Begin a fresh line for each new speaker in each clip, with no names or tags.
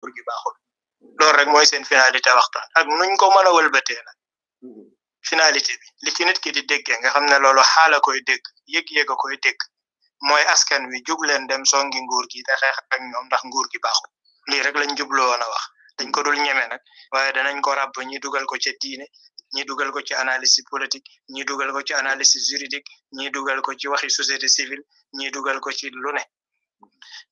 nguur gi baaxul loolu rek mooy seen finalité waxtaan ak nuñ ko mën a wëlbatee nag mm-hmm. finalité bi li ci nit ki di déggee nga xam ne loolu xaala koy dégg yëg-yëg a koy dégg mooy askan wi jug leen dem songi nguur gi te xeex ak ñoom ndax nguur gi baaxul lii rek lañ jublu woon wax dañ ko dul ñeme nag waaye danañ ko ràbb ñi dugal ko ci diine ñi dugal ko ci analyse politique ñi dugal ko ci analyse juridique ñi dugal ko ci waxi société civile ñi dugal ko ci lu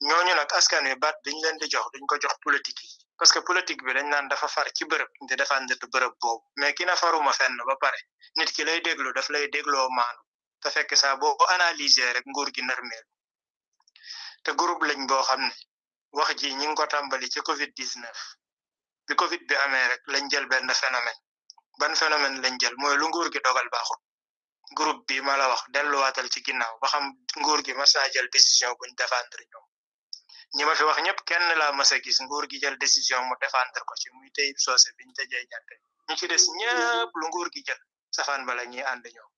ñooñu nag askan wi baat dañ ñu leen di jox dañ ko jox politique yi parce que politique bi dañ naan dafa far ci bërëb te dafa àndatu bërëb boobu mais ki na faruma fenn ba pare nit ki lay déglu daf lay dégloo maanu te fekk saa boo analiser rek nguur gi nërmeel te groupe lañ boo xam ne wax ji ñi ngi ko tàmbali ci Covid 19 bi Covid bi amee rek lañ jël benn phénomène ban phénomène lañ jël mooy lu nguur gi dogal baaxul groupe bi ma la wax watal ci ginnaw ba xam nguur gi ma sa jël décision buñ défendre ñom ñi ma fi wax ñep kenn la ma sa gis nguur gi jël décision mu défendre ko ci muy teyib sosé biñ tëjee jàtte ñi ci dess ñëpp lu nguur gi jël safan bala ñi and ñom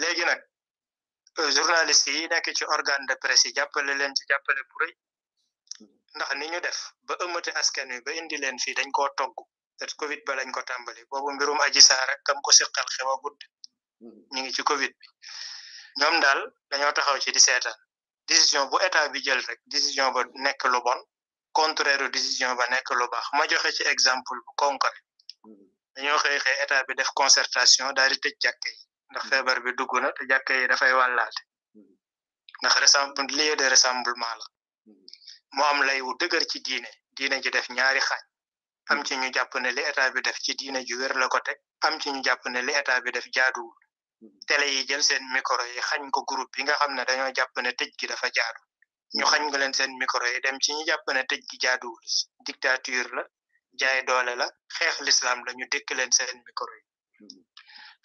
légui nak euh, journaliste yi ci organe de presse jappalé len ci jappalé bu ndax ni ñu def ba ëmmati askan wi ba indi len fi dañ ko toggu peut-être Covid ba lañ ko tàmbali boobu mbirum aji saar rek kam ko siqal xew a gudd mm. ñu ngi ci Covid bi ñoom daal dañoo taxaw ci di seetaan décision bu état bi jël rek décision ba nekk lu bon contraire décision ba nekk lu baax ma joxe ci exemple bu concret mm. dañoo xëy état bi def concertation daal di tëj jàkka ndax mm. feebar bi dugg na te jàkka yi dafay wàllaate ndax ressemble lieu de rassemblement la mu am lay wu dëgër ci diine diine ji def ñaari xaaj am ci ñu jàpp le état bi def ci diine ju wér la ko teg am ci ñu jàpp ne li état bi def jaaduwul mm-hmm. télé yi jël seen micro yi xañ ko groupe bi nga xam ne dañoo jàpp ne tëj gi dafa jaadu ñu mm-hmm. xañ ko leen seen micro yi dem ci ñu jàpp ne tëj gi jaaduwul dictature la jaay doole la xeex l'islam la ñu dëkk leen seen micro yi mm-hmm.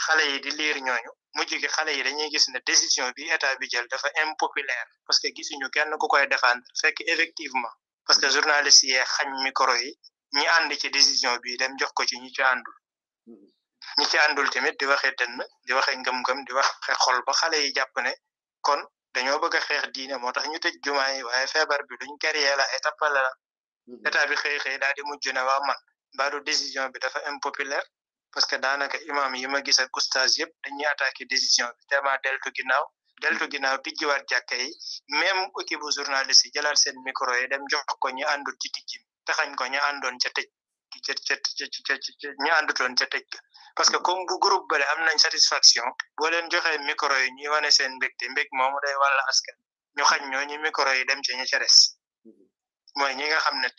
xale yi di liir ñooñu mujj gi xale yi dañuy gis ne décision bi état bi jël dafa impopulaire parce que gisuñu kenn ku koy défendre fekk effectivement parce que journaliste yee xañ micro yi ñi ànd ci décision bi dem jox ko ci ñi ci àndul mm-hmm. ñi ci àndul tamit di waxee dënn di waxee ngëm-ngëm di waxe xol ba xale yi jàpp ne kon dañoo bëgg a xeex diine moo tax ñu tëj jumaa yi waaye feebar bi luñ kéré la ay tappale la mm-hmm. bi xëy daal mujj ne waa man mbaadu décision bi dafa impopulaire parce que daanaka imam yi ma gis ak da yëpp dañuy attaqué décision bi tellement deltu ginnaaw deltu ginnaaw tijjiwaat jàkka yi même équipe bu journaliste yi jëlaat seen micro yi dem jox ko ñu àndul ci tijji taxañ ko ña àndoon ca tëj ña àndutoon ca tëj ga parce que comme bu groupe bale am nañ satisfaction boo leen joxee micro yi ñuy wane seen mbégte mbég moomu day wàll askan ñu xañ ñooñu micro yi dem ca ña ca res mooy ñi nga xam ne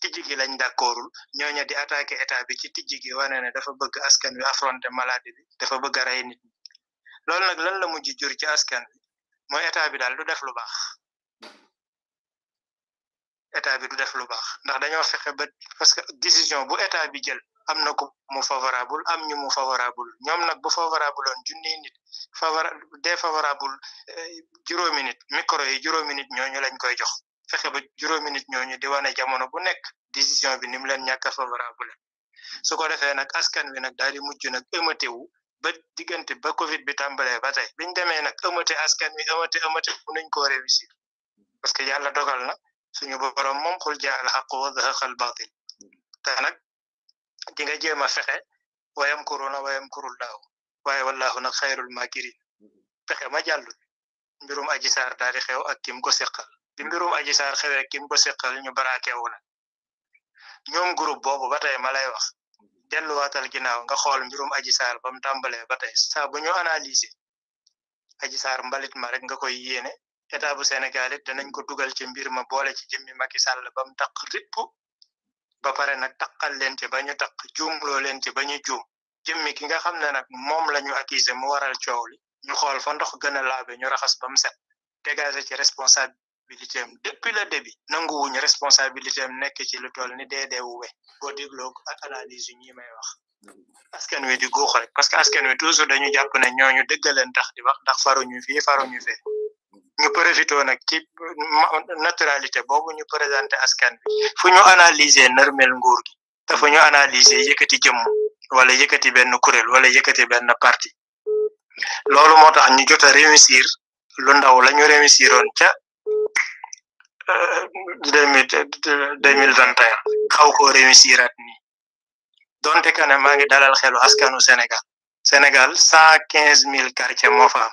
tijji gi lañ d'accordul ñooña di attaqué état bi ci tijji gi wane ne dafa bëgg askan wi affronté maladie bi dafa bëgg a rey nit ñi loolu nag lan la mujj jur ci askan bi état bi daal du def lu baax état bi du def lu baax ndax dañoo fexe ba parce que décision bu état bi jël am na ko mu favorable am ñu mu favorable ñoom nag bu favorable woon junniy nit favora défavorable eh, juróomi nit micro yi juróomi nit ñooñu lañ koy jox fexe ba juróomi nit ñooñu di wane jamono bu nekk décision bi ni mu leen ñàkk a favorable su ko defee nag askan wi nag daal di mujj nag émate wu ba diggante ba Covid bi tàmbalee ba tey biñ demee nag émate askan wi émate émate mënuñ koo réussir parce que yàlla dogal na. suñu borom moom xul jaa al xaq batil te nag di nga jéem a fexe wayam kuruna wayam kurul laaw waaye wallaahu nag xayrul makirin fexe ma jàllul mbirum aji saar daal xew ak kim ko seqal bi mbirum aji saar xewee kim ko seqal ñu baraakewu na ñoom grup boobu ba tey ma lay wax delluwaatal ginnaaw nga xool mbirum aji saar ba mu tàmbalee ba tey saa bu ñu analyser aji mbalit ma rek nga koy yéene état bu Sénégal it danañ ko dugal ci mbir ma boole ci jëmmi Macky Sall ba mu taq ripp ba pare nag taqal leen ci ba ñu taq juumloo leen ci ba ñu juum jëmmi ki nga xam ne nag moom la ñu accusé mu waral coow li ñu xool fa ndox gën a laabe ñu raxas ba mu set dégagé ci responsabilité am depuis le début nanguwuñu responsabilité am nekk ci lu toll ni deedee wu we boo dégloo ak analyse yu may wax askan wi di guux rek parce que askan wi toujours dañu jàpp ne ñooñu dëgg leen tax di wax ndax faruñu fii faruñu fee ñu profité nag ci naturalité boobu ñu présenté askan bi fu ñu analyser nërmel nguur gi te fu ñu analyser yëkkati jëmm wala yëkkati benn kuréel wala yëkkati benn parti loolu moo tax ñu jot a réussir lu ndaw la ñu réussiroon ca euh, deux mille vingt et un xaw koo réussiraat nii donte que ne maa ngi dalal xelu askanu Sénégal Sénégal cent quinze mille quartiers moo fa am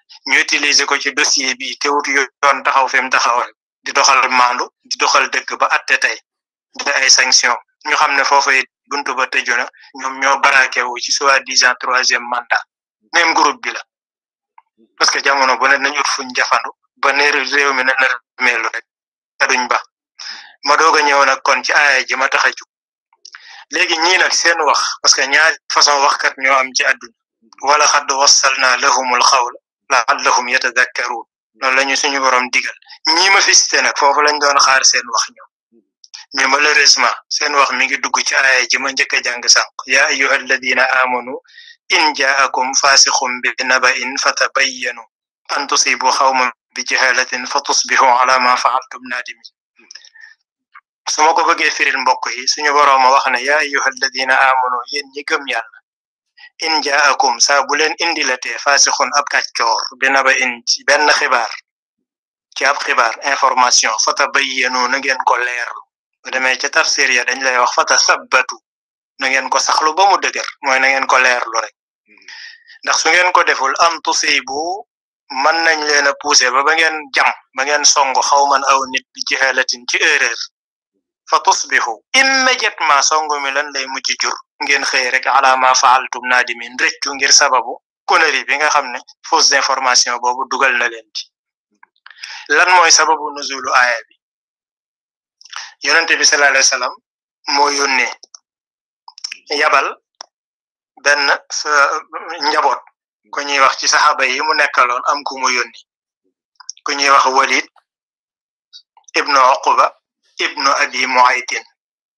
ñu utiliser ko ci dossier bi te wut yoon taxaw fi mu taxaw rek di doxal maandu di doxal dëgg ba atte tey da ay sanction ñu xam ne foofu it buntu ba tëju na ñoom ñoo baraake wu ci soi-disant troisième mandat même groupe bi la parce que jamono bu ne nañu ut fuñ jafandu ba ne mi na nar meelu rek te duñ ba ma doog a ñëw nag kon ci aaya ji ma tax a jug léegi ñii nag seen wax parce que ñaari façon waxkat ñoo am ci àdduna wala xadd wassalna lahumul xawla لعلهم يتذكرون لا نسني برام ديجل ني ما في سنة فوق لين دون خار سين وخيم ني ما لرسمة سين وخ ميجي دقيت آية جمان جك جانغ سانق يا أيها الذين آمنوا إن جاءكم فاسق بنبأ فتبينوا أن تصيبوا قوما بجهالة فتصبحوا على ما فعلتم نادمين سمو كو بغي فيري المبوكي سونو بروم واخنا يا ايها الذين امنوا ين نيغم يالا in jaakum saa bu leen indilatee faasixun ab kàccoor bina ba in ci benn xibaar ci ab xibaar information fata bayyanu na ngeen ko leerlu bu demee ca tafsir ya dañ lay wax fata sabbatu na ngeen ko saxlu ba mu dëgër mooy na ngeen ko leerlu rek ndax su ngeen ko deful am bu mën nañ leen a pousser ba ba ngeen jam ba ngeen songu xawman aw nit bi jahalatin ci erreur fa tusbihu immédiatement songu mi lan lay mujj jur ngeen xëy rek ala ma faaltum naadimin rëccu ngir sababu konari bi nga xam ne fausse information boobu dugal na leen ci lan mooy sababu nuzulu aaya bi yonente bi sallallahu alayhi wasallam moo yónnee yabal benn njaboot ku ñuy wax ci saxaaba yi mu nekkaloon am ku mu yónni ku ñuy wax walid ibnu uquba ibnu abi muaytin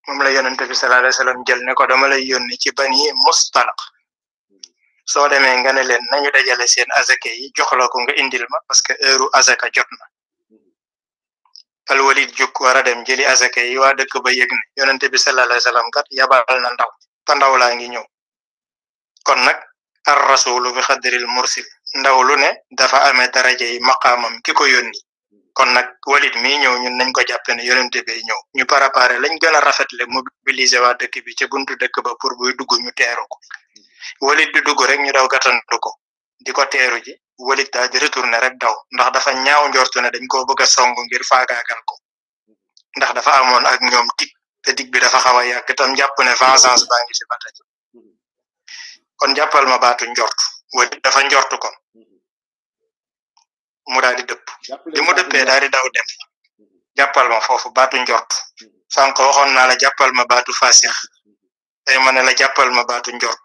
moom la yonent bi sallallahu alayhi wasallam jël ne ko dama lay yónni ci bani mustalaq soo demee nga ne leen nañu dajale seen azaka yi jox ko nga indil ma parce que heure azaka jot na alwalid juk war a dem jëli azaka yi waa dëkk ba yëg ne yonent bi sallallahu alayhi wasallam kat yabal na ndaw ta ndaw laa ngi ñëw kon nag ar rasulu bi xadril mursil ndaw lu ne dafa ame daraja yi maqaamam ki ko yónni kon nag walit mii ñëw ñun nañ ko jàppe ne yonente bay ñëw ñu préparé lañ gën a rafetle mobiliser waa dëkk bi ca buntu dëkk ba pour buy dugg ñu teeru ko walit di dugg rek ñu daw gàttandu ko di ko teeru ji walit daal di rek daw ndax dafa ñaaw njortu ne dañ koo bëgg a song ngir faagaagal ko ndax dafa amoon ak ñoom dig te dig bi dafa xaw a yàgg tam jàpp ne vengeance baa ngi fi mm-hmm. kon jàppal ma baatu njort wo dafa njortu kon mm-hmm. mu daal di dëpp bi mu dëppee daal di daw dem jàppal ma foofu baatu njort mm-hmm. sànq waxoon naa la jàppal ma baatu faasix mm-hmm. tey ma ne la jàppal ma baatu njort